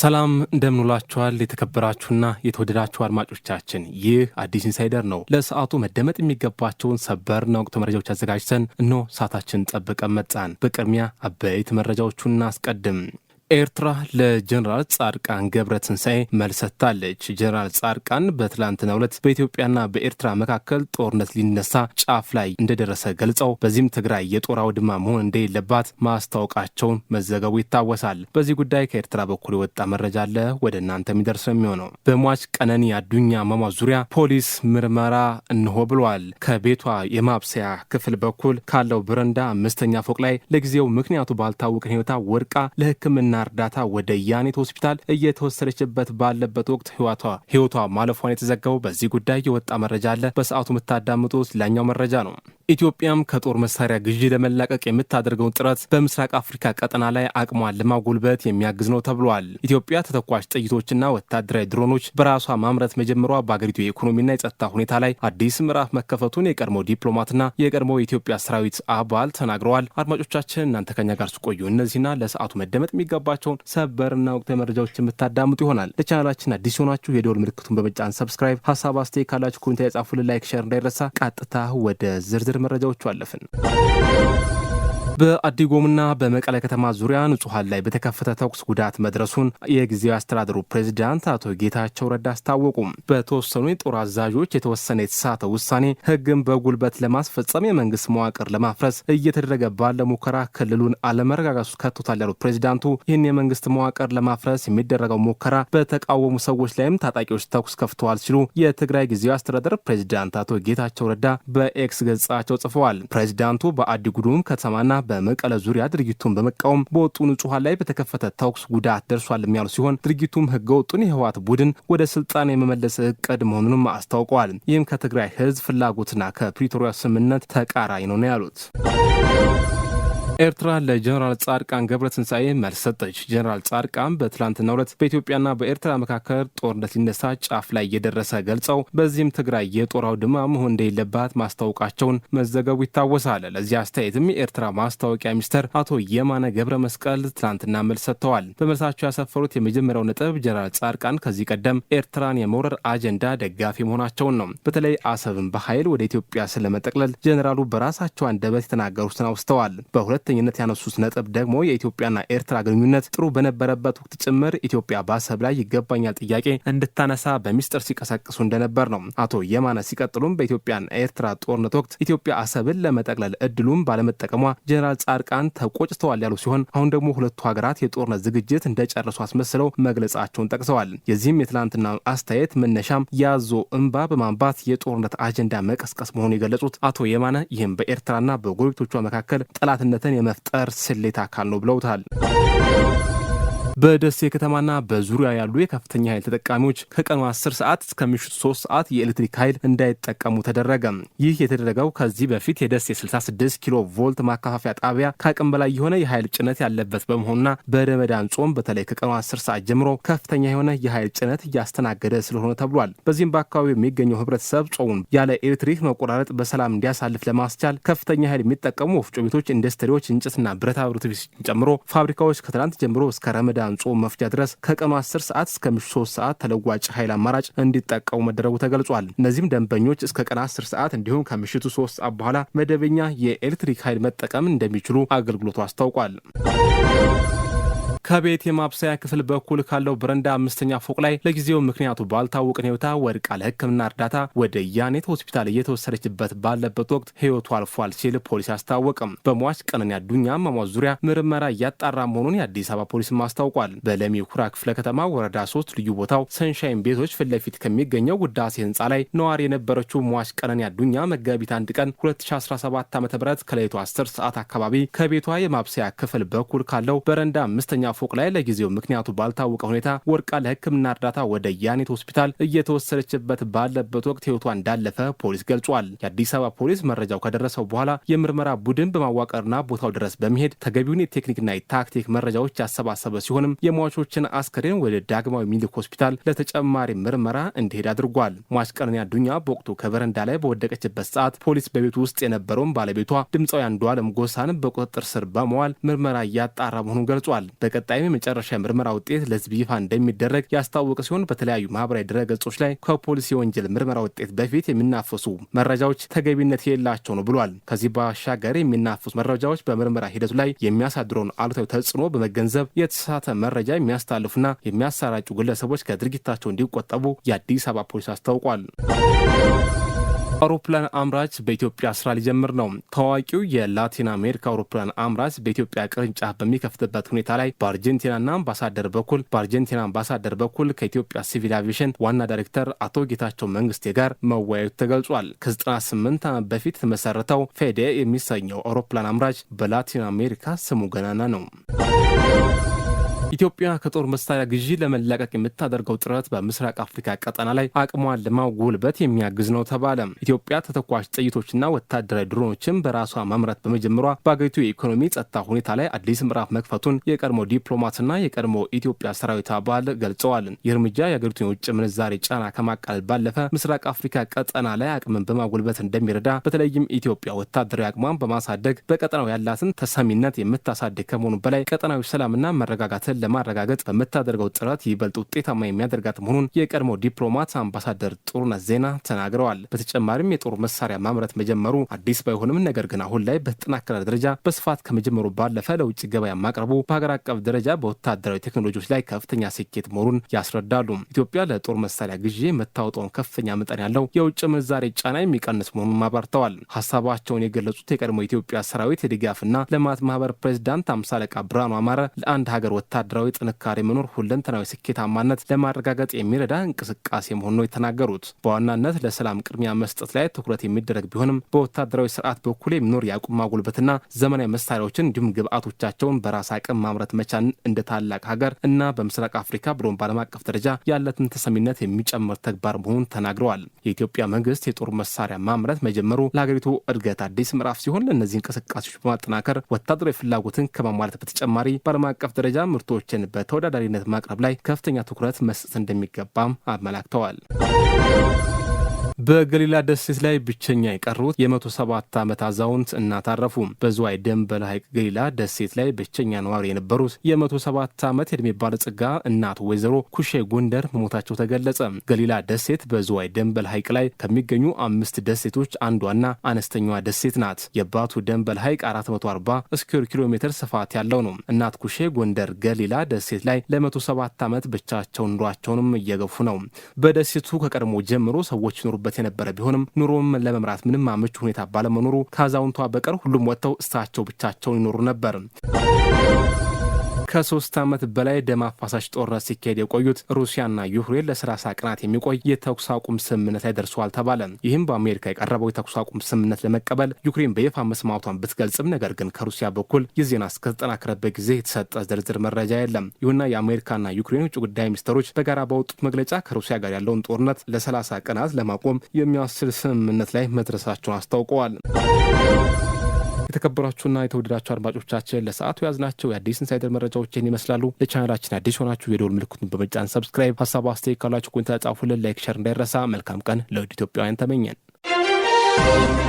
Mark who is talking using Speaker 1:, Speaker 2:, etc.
Speaker 1: ሰላም እንደምንውላችኋል የተከበራችሁና የተወደዳችሁ አድማጮቻችን፣ ይህ አዲስ ኢንሳይደር ነው። ለሰዓቱ መደመጥ የሚገባቸውን ሰበርና ወቅቱ መረጃዎች አዘጋጅተን እኖ ሰዓታችን ጠብቀን መጣን። በቅድሚያ አበይት መረጃዎቹን እናስቀድም። ኤርትራ ለጀኔራል ጻድቃን ገብረ ትንሣኤ መልስ ሰጥታለች። ጀኔራል ጻድቃን በትላንትናው ዕለት በኢትዮጵያና በኤርትራ መካከል ጦርነት ሊነሳ ጫፍ ላይ እንደደረሰ ገልጸው በዚህም ትግራይ የጦር አውድማ መሆን እንደሌለባት ማስታወቃቸውን መዘገቡ ይታወሳል። በዚህ ጉዳይ ከኤርትራ በኩል የወጣ መረጃ አለ ወደ እናንተ የሚደርሰው የሚሆነው። በሟች ቀነኒ አዱኛ መሟ ዙሪያ ፖሊስ ምርመራ እንሆ ብሏል። ከቤቷ የማብሰያ ክፍል በኩል ካለው በረንዳ አምስተኛ ፎቅ ላይ ለጊዜው ምክንያቱ ባልታወቀ ህይወታ ወድቃ ለሕክምና የሕክምና እርዳታ ወደ ያኔት ሆስፒታል እየተወሰደችበት ባለበት ወቅት ህይወቷ ማለፏን የተዘገበው በዚህ ጉዳይ የወጣ መረጃ አለ። በሰዓቱ የምታዳምጡት ሌላኛው መረጃ ነው። ኢትዮጵያም ከጦር መሳሪያ ግዢ ለመላቀቅ የምታደርገውን ጥረት በምስራቅ አፍሪካ ቀጠና ላይ አቅሟን ለማጎልበት የሚያግዝ ነው ተብሏል። ኢትዮጵያ ተተኳሽ ጥይቶችና ወታደራዊ ድሮኖች በራሷ ማምረት መጀመሯ በአገሪቱ የኢኮኖሚና የጸጥታ ሁኔታ ላይ አዲስ ምዕራፍ መከፈቱን የቀድሞ ዲፕሎማትና የቀድሞ የኢትዮጵያ ሰራዊት አባል ተናግረዋል። አድማጮቻችን እናንተ ከኛ ጋር ስቆዩ እነዚህና ለሰዓቱ መደመጥ የሚገባቸውን ሰበርና ወቅታዊ መረጃዎች የምታዳምጡ ይሆናል። ለቻናላችን አዲስ ሆናችሁ የደወል ምልክቱን በመጫን ሰብስክራይብ፣ ሀሳብ አስተያየት ካላችሁ ኮሜንት ላይ ጻፉልን። ላይክ፣ ሸር እንዳይረሳ። ቀጥታ ወደ ዝርዝር መረጃዎቹ አለፍን። በአዲጎምና በመቀለ ከተማ ዙሪያ ንጹሐን ላይ በተከፈተ ተኩስ ጉዳት መድረሱን የጊዜያዊ አስተዳደሩ ፕሬዚዳንት አቶ ጌታቸው ረዳ አስታወቁ። በተወሰኑ የጦር አዛዦች የተወሰነ የተሳተ ውሳኔ ህግን በጉልበት ለማስፈጸም የመንግስት መዋቅር ለማፍረስ እየተደረገ ባለ ሙከራ ክልሉን አለመረጋጋቱ ከቶታል ያሉት ፕሬዚዳንቱ ይህን የመንግስት መዋቅር ለማፍረስ የሚደረገው ሙከራ በተቃወሙ ሰዎች ላይም ታጣቂዎች ተኩስ ከፍተዋል ሲሉ የትግራይ ጊዜያዊ አስተዳደር ፕሬዚዳንት አቶ ጌታቸው ረዳ በኤክስ ገጻቸው ጽፈዋል። ፕሬዚዳንቱ በአዲጉዱም ከተማና በመቀለ ዙሪያ ድርጊቱን በመቃወም በወጡ ንጹሐን ላይ በተከፈተ ተኩስ ጉዳት ደርሷል የሚያሉ ሲሆን ድርጊቱም ህገወጡን የህወሓት ቡድን ወደ ስልጣን የመመለስ እቅድ መሆኑንም አስታውቀዋል። ይህም ከትግራይ ህዝብ ፍላጎትና ከፕሪቶሪያ ስምምነት ተቃራኝ ነው ነው ያሉት። ኤርትራ ለጀኔራል ጻድቃን ትንሣኤ መልስ ሰጠች። ጀኔራል ጻድቃን በትላንትና ሁለት በኢትዮጵያና በኤርትራ መካከል ጦርነት ሊነሳ ጫፍ ላይ እየደረሰ ገልጸው በዚህም ትግራይ የጦር አውድማ መሆን እንደሌለባት ማስታወቃቸውን መዘገቡ ይታወሳል። ለዚህ አስተያየትም የኤርትራ ማስታወቂያ ሚኒስትር አቶ የማነ ገብረ መስቀል ትላንትና መልስ ሰጥተዋል። በመልሳቸው ያሰፈሩት የመጀመሪያው ነጥብ ጀኔራል ጻድቃን ከዚህ ቀደም ኤርትራን የመውረር አጀንዳ ደጋፊ መሆናቸውን ነው። በተለይ አሰብን በኃይል ወደ ኢትዮጵያ ስለመጠቅለል ጀኔራሉ በራሳቸው አንደበት የተናገሩትን አውስተዋል። በሁለት በሁለተኝነት ያነሱት ነጥብ ደግሞ የኢትዮጵያና ኤርትራ ግንኙነት ጥሩ በነበረበት ወቅት ጭምር ኢትዮጵያ በአሰብ ላይ ይገባኛል ጥያቄ እንድታነሳ በሚስጥር ሲቀሰቅሱ እንደነበር ነው። አቶ የማነ ሲቀጥሉም በኢትዮጵያና ኤርትራ ጦርነት ወቅት ኢትዮጵያ አሰብን ለመጠቅለል እድሉም ባለመጠቀሟ ጀኔራል ጻድቃን ተቆጭተዋል ያሉ ሲሆን አሁን ደግሞ ሁለቱ ሀገራት የጦርነት ዝግጅት እንደጨረሱ አስመስለው መግለጻቸውን ጠቅሰዋል። የዚህም የትናንትና አስተያየት መነሻም ያዞ እንባ በማንባት የጦርነት አጀንዳ መቀስቀስ መሆኑ የገለጹት አቶ የማነ ይህም በኤርትራና በጎረቤቶቿ መካከል ጠላትነትን የመፍጠር ስሌት አካል ነው ብለውታል። በደሴ ከተማና በዙሪያ ያሉ የከፍተኛ ኃይል ተጠቃሚዎች ከቀኑ 10 ሰዓት እስከ ምሽቱ 3 ሰዓት የኤሌክትሪክ ኃይል እንዳይጠቀሙ ተደረገ። ይህ የተደረገው ከዚህ በፊት የደሴ 66 ኪሎ ቮልት ማከፋፈያ ጣቢያ ከአቅም በላይ የሆነ የኃይል ጭነት ያለበት በመሆኑና በረመዳን ጾም በተለይ ከቀኑ 10 ሰዓት ጀምሮ ከፍተኛ የሆነ የኃይል ጭነት እያስተናገደ ስለሆነ ተብሏል። በዚህም በአካባቢው የሚገኘው ህብረተሰብ ጾሙን ያለ ኤሌክትሪክ መቆራረጥ በሰላም እንዲያሳልፍ ለማስቻል ከፍተኛ ኃይል የሚጠቀሙ ወፍጮ ቤቶች፣ ኢንዱስትሪዎች፣ እንጨትና ብረታ ብረት ጨምሮ ፋብሪካዎች ከትናንት ጀምሮ እስከ ረመዳን ረመዳን ጾም መፍጃ ድረስ ከቀኑ 10 ሰዓት እስከ ምሽቱ 3 ሰዓት ተለዋጭ ኃይል አማራጭ እንዲጠቀሙ መደረጉ ተገልጿል። እነዚህም ደንበኞች እስከ ቀን 10 ሰዓት እንዲሁም ከምሽቱ 3 ሰዓት በኋላ መደበኛ የኤሌክትሪክ ኃይል መጠቀም እንደሚችሉ አገልግሎቱ አስታውቋል። ከቤት የማብሰያ ክፍል በኩል ካለው በረንዳ አምስተኛ ፎቅ ላይ ለጊዜው ምክንያቱ ባልታወቀ ሁኔታ ወድቃ ለሕክምና እርዳታ ወደ ያኔት ሆስፒታል እየተወሰደችበት ባለበት ወቅት ሕይወቱ አልፏል ሲል ፖሊስ አስታወቅም። በሟች ቀነኒ አዱኛ አሟሟት ዙሪያ ምርመራ እያጣራ መሆኑን የአዲስ አበባ ፖሊስም አስታውቋል። በለሚ ኩራ ክፍለ ከተማ ወረዳ ሶስት ልዩ ቦታው ሰንሻይን ቤቶች ፊት ለፊት ከሚገኘው ውዳሴ ህንፃ ላይ ነዋሪ የነበረችው ሟች ቀነኒ አዱኛ መጋቢት አንድ ቀን 2017 ዓ ም ከሌሊቱ 10 ሰዓት አካባቢ ከቤቷ የማብሰያ ክፍል በኩል ካለው በረንዳ አምስተኛ ፎቅ ላይ ለጊዜው ምክንያቱ ባልታወቀ ሁኔታ ወርቃ ለሕክምና እርዳታ ወደ ያኔት ሆስፒታል እየተወሰደችበት ባለበት ወቅት ሕይወቷ እንዳለፈ ፖሊስ ገልጿል። የአዲስ አበባ ፖሊስ መረጃው ከደረሰው በኋላ የምርመራ ቡድን በማዋቀርና ቦታው ድረስ በመሄድ ተገቢውን የቴክኒክና የታክቲክ መረጃዎች ያሰባሰበ ሲሆንም የሟቾችን አስከሬን ወደ ዳግማዊ ሚኒሊክ ሆስፒታል ለተጨማሪ ምርመራ እንዲሄድ አድርጓል። ሟች ቀነኒ አዱኛ በወቅቱ ከበረንዳ ላይ በወደቀችበት ሰዓት ፖሊስ በቤቱ ውስጥ የነበረውን ባለቤቷ ድምፃዊ አንዱዓለም ጎሳን በቁጥጥር ስር በመዋል ምርመራ እያጣራ መሆኑን ገልጿል። በቀጣይም የመጨረሻ ምርመራ ውጤት ለህዝብ ይፋ እንደሚደረግ ያስታወቀ ሲሆን በተለያዩ ማህበራዊ ድረገጾች ላይ ከፖሊስ የወንጀል ምርመራ ውጤት በፊት የሚናፈሱ መረጃዎች ተገቢነት የሌላቸው ነው ብሏል። ከዚህ ባሻገር የሚናፈሱ መረጃዎች በምርመራ ሂደቱ ላይ የሚያሳድረውን አሉታዊ ተጽዕኖ በመገንዘብ የተሳተ መረጃ የሚያስተላልፉና የሚያሰራጩ ግለሰቦች ከድርጊታቸው እንዲቆጠቡ የአዲስ አበባ ፖሊስ አስታውቋል። አውሮፕላን አምራች በኢትዮጵያ ስራ ሊጀምር ነው። ታዋቂው የላቲን አሜሪካ አውሮፕላን አምራች በኢትዮጵያ ቅርንጫፍ በሚከፍትበት ሁኔታ ላይ በአርጀንቲናና አምባሳደር በኩል በአርጀንቲና አምባሳደር በኩል ከኢትዮጵያ ሲቪል አቪዬሽን ዋና ዳይሬክተር አቶ ጌታቸው መንግስቴ ጋር መወያየቱ ተገልጿል። ከ98 ዓመት በፊት የተመሰረተው ፌዴ የሚሰኘው አውሮፕላን አምራች በላቲን አሜሪካ ስሙ ገናና ነው። ኢትዮጵያ ከጦር መሳሪያ ግዢ ለመላቀቅ የምታደርገው ጥረት በምስራቅ አፍሪካ ቀጠና ላይ አቅሟን ለማጎልበት የሚያግዝ ነው ተባለ። ኢትዮጵያ ተተኳሽ ጥይቶችና ወታደራዊ ድሮኖችን በራሷ ማምረት በመጀመሯ በአገሪቱ የኢኮኖሚ ጸጥታ ሁኔታ ላይ አዲስ ምዕራፍ መክፈቱን የቀድሞ ዲፕሎማትና የቀድሞ ኢትዮጵያ ሰራዊት አባል ገልጸዋል። ይህ እርምጃ የአገሪቱን የውጭ ምንዛሬ ጫና ከማቃለል ባለፈ ምስራቅ አፍሪካ ቀጠና ላይ አቅምን በማጎልበት እንደሚረዳ በተለይም ኢትዮጵያ ወታደራዊ አቅሟን በማሳደግ በቀጠናው ያላትን ተሰሚነት የምታሳድግ ከመሆኑ በላይ ቀጠናዊ ሰላምና መረጋጋትን ሰላምን ለማረጋገጥ በምታደርገው ጥረት ይበልጥ ውጤታማ የሚያደርጋት መሆኑን የቀድሞ ዲፕሎማት አምባሳደር ጥሩነት ዜና ተናግረዋል። በተጨማሪም የጦር መሳሪያ ማምረት መጀመሩ አዲስ ባይሆንም ነገር ግን አሁን ላይ በተጠናከረ ደረጃ በስፋት ከመጀመሩ ባለፈ ለውጭ ገበያ ማቅረቡ በሀገር አቀፍ ደረጃ በወታደራዊ ቴክኖሎጂዎች ላይ ከፍተኛ ስኬት መሆኑን ያስረዳሉ። ኢትዮጵያ ለጦር መሳሪያ ግዢ የምታወጣውን ከፍተኛ መጠን ያለው የውጭ ምንዛሬ ጫና የሚቀንስ መሆኑን አብራርተዋል። ሀሳባቸውን የገለጹት የቀድሞ የኢትዮጵያ ሰራዊት የድጋፍና ልማት ማህበር ፕሬዚዳንት አምሳለቃ ብርሃኑ አማረ ለአንድ ሀገር ወታደ ወታደራዊ ጥንካሬ መኖር ሁለንተናዊ ስኬታማነት ለማረጋገጥ የሚረዳ እንቅስቃሴ መሆኑ ነው የተናገሩት። በዋናነት ለሰላም ቅድሚያ መስጠት ላይ ትኩረት የሚደረግ ቢሆንም በወታደራዊ ስርዓት በኩል የሚኖር የአቁም ማጉልበትና ዘመናዊ መሳሪያዎችን እንዲሁም ግብአቶቻቸውን በራስ አቅም ማምረት መቻን እንደ ታላቅ ሀገር እና በምስራቅ አፍሪካ ብሎም በዓለም አቀፍ ደረጃ ያለትን ተሰሚነት የሚጨምር ተግባር መሆኑን ተናግረዋል። የኢትዮጵያ መንግስት የጦር መሳሪያ ማምረት መጀመሩ ለሀገሪቱ እድገት አዲስ ምዕራፍ ሲሆን ለእነዚህ እንቅስቃሴዎች በማጠናከር ወታደራዊ ፍላጎትን ከማሟላት በተጨማሪ በዓለም አቀፍ ደረጃ ምርቶ ምርቶችን በተወዳዳሪነት ማቅረብ ላይ ከፍተኛ ትኩረት መስጠት እንደሚገባም አመላክተዋል። በገሊላ ደሴት ላይ ብቸኛ የቀሩት የ107 ዓመት አዛውንት እናት አረፉ። በዝዋይ ደንበል ሐይቅ ገሊላ ደሴት ላይ ብቸኛ ነዋሪ የነበሩት የ107 ዓመት የዕድሜ ባለጸጋ እናት ወይዘሮ ኩሼ ጎንደር መሞታቸው ተገለጸ። ገሊላ ደሴት በዝዋይ ደንበል ሐይቅ ላይ ከሚገኙ አምስት ደሴቶች አንዷና አነስተኛዋ ደሴት ናት። የባቱ ደንበል ሐይቅ 440 ስኩዌር ኪሎ ሜትር ስፋት ያለው ነው። እናት ኩሼ ጎንደር ገሊላ ደሴት ላይ ለ107 ዓመት ብቻቸውን ኑሯቸውንም እየገፉ ነው። በደሴቱ ከቀድሞ ጀምሮ ሰዎች ኖሩ ተደርጎበት የነበረ ቢሆንም ኑሮም ለመምራት ምንም አመች ሁኔታ ባለመኖሩ ከአዛውንቷ በቀር ሁሉም ወጥተው እሳቸው ብቻቸውን ይኖሩ ነበር። ከሶስት ዓመት በላይ ደም አፋሳሽ ጦርነት ሲካሄድ የቆዩት ሩሲያና ዩክሬን ለሰላሳ ቀናት የሚቆይ የተኩስ አቁም ስምምነት ላይ ደርሰዋል ተባለ። ይህም በአሜሪካ የቀረበው የተኩስ አቁም ስምምነት ለመቀበል ዩክሬን በይፋ መስማቷን ብትገልጽም ነገር ግን ከሩሲያ በኩል የዜና ዜና እስከተጠናከረበት ጊዜ የተሰጠ ዝርዝር መረጃ የለም። ይሁንና የአሜሪካና ዩክሬን ውጭ ጉዳይ ሚኒስትሮች በጋራ በወጡት መግለጫ ከሩሲያ ጋር ያለውን ጦርነት ለሰላሳ ቀናት ለማቆም የሚያስችል ስምምነት ላይ መድረሳቸውን አስታውቀዋል። የተከበራችሁና የተወደዳችሁ አድማጮቻችን ለሰዓቱ የያዝናቸው የአዲስ ኢንሳይደር መረጃዎችን ይመስላሉ። ለቻናላችን አዲስ ሆናችሁ የደወል ምልክቱን በመጫን ሰብስክራይብ፣ ሀሳብ አስተያየት ካላችሁ ኮሜንት ጻፉልን። ላይክ፣ ሸር እንዳይረሳ። መልካም ቀን ለውድ ኢትዮጵያውያን ተመኘን።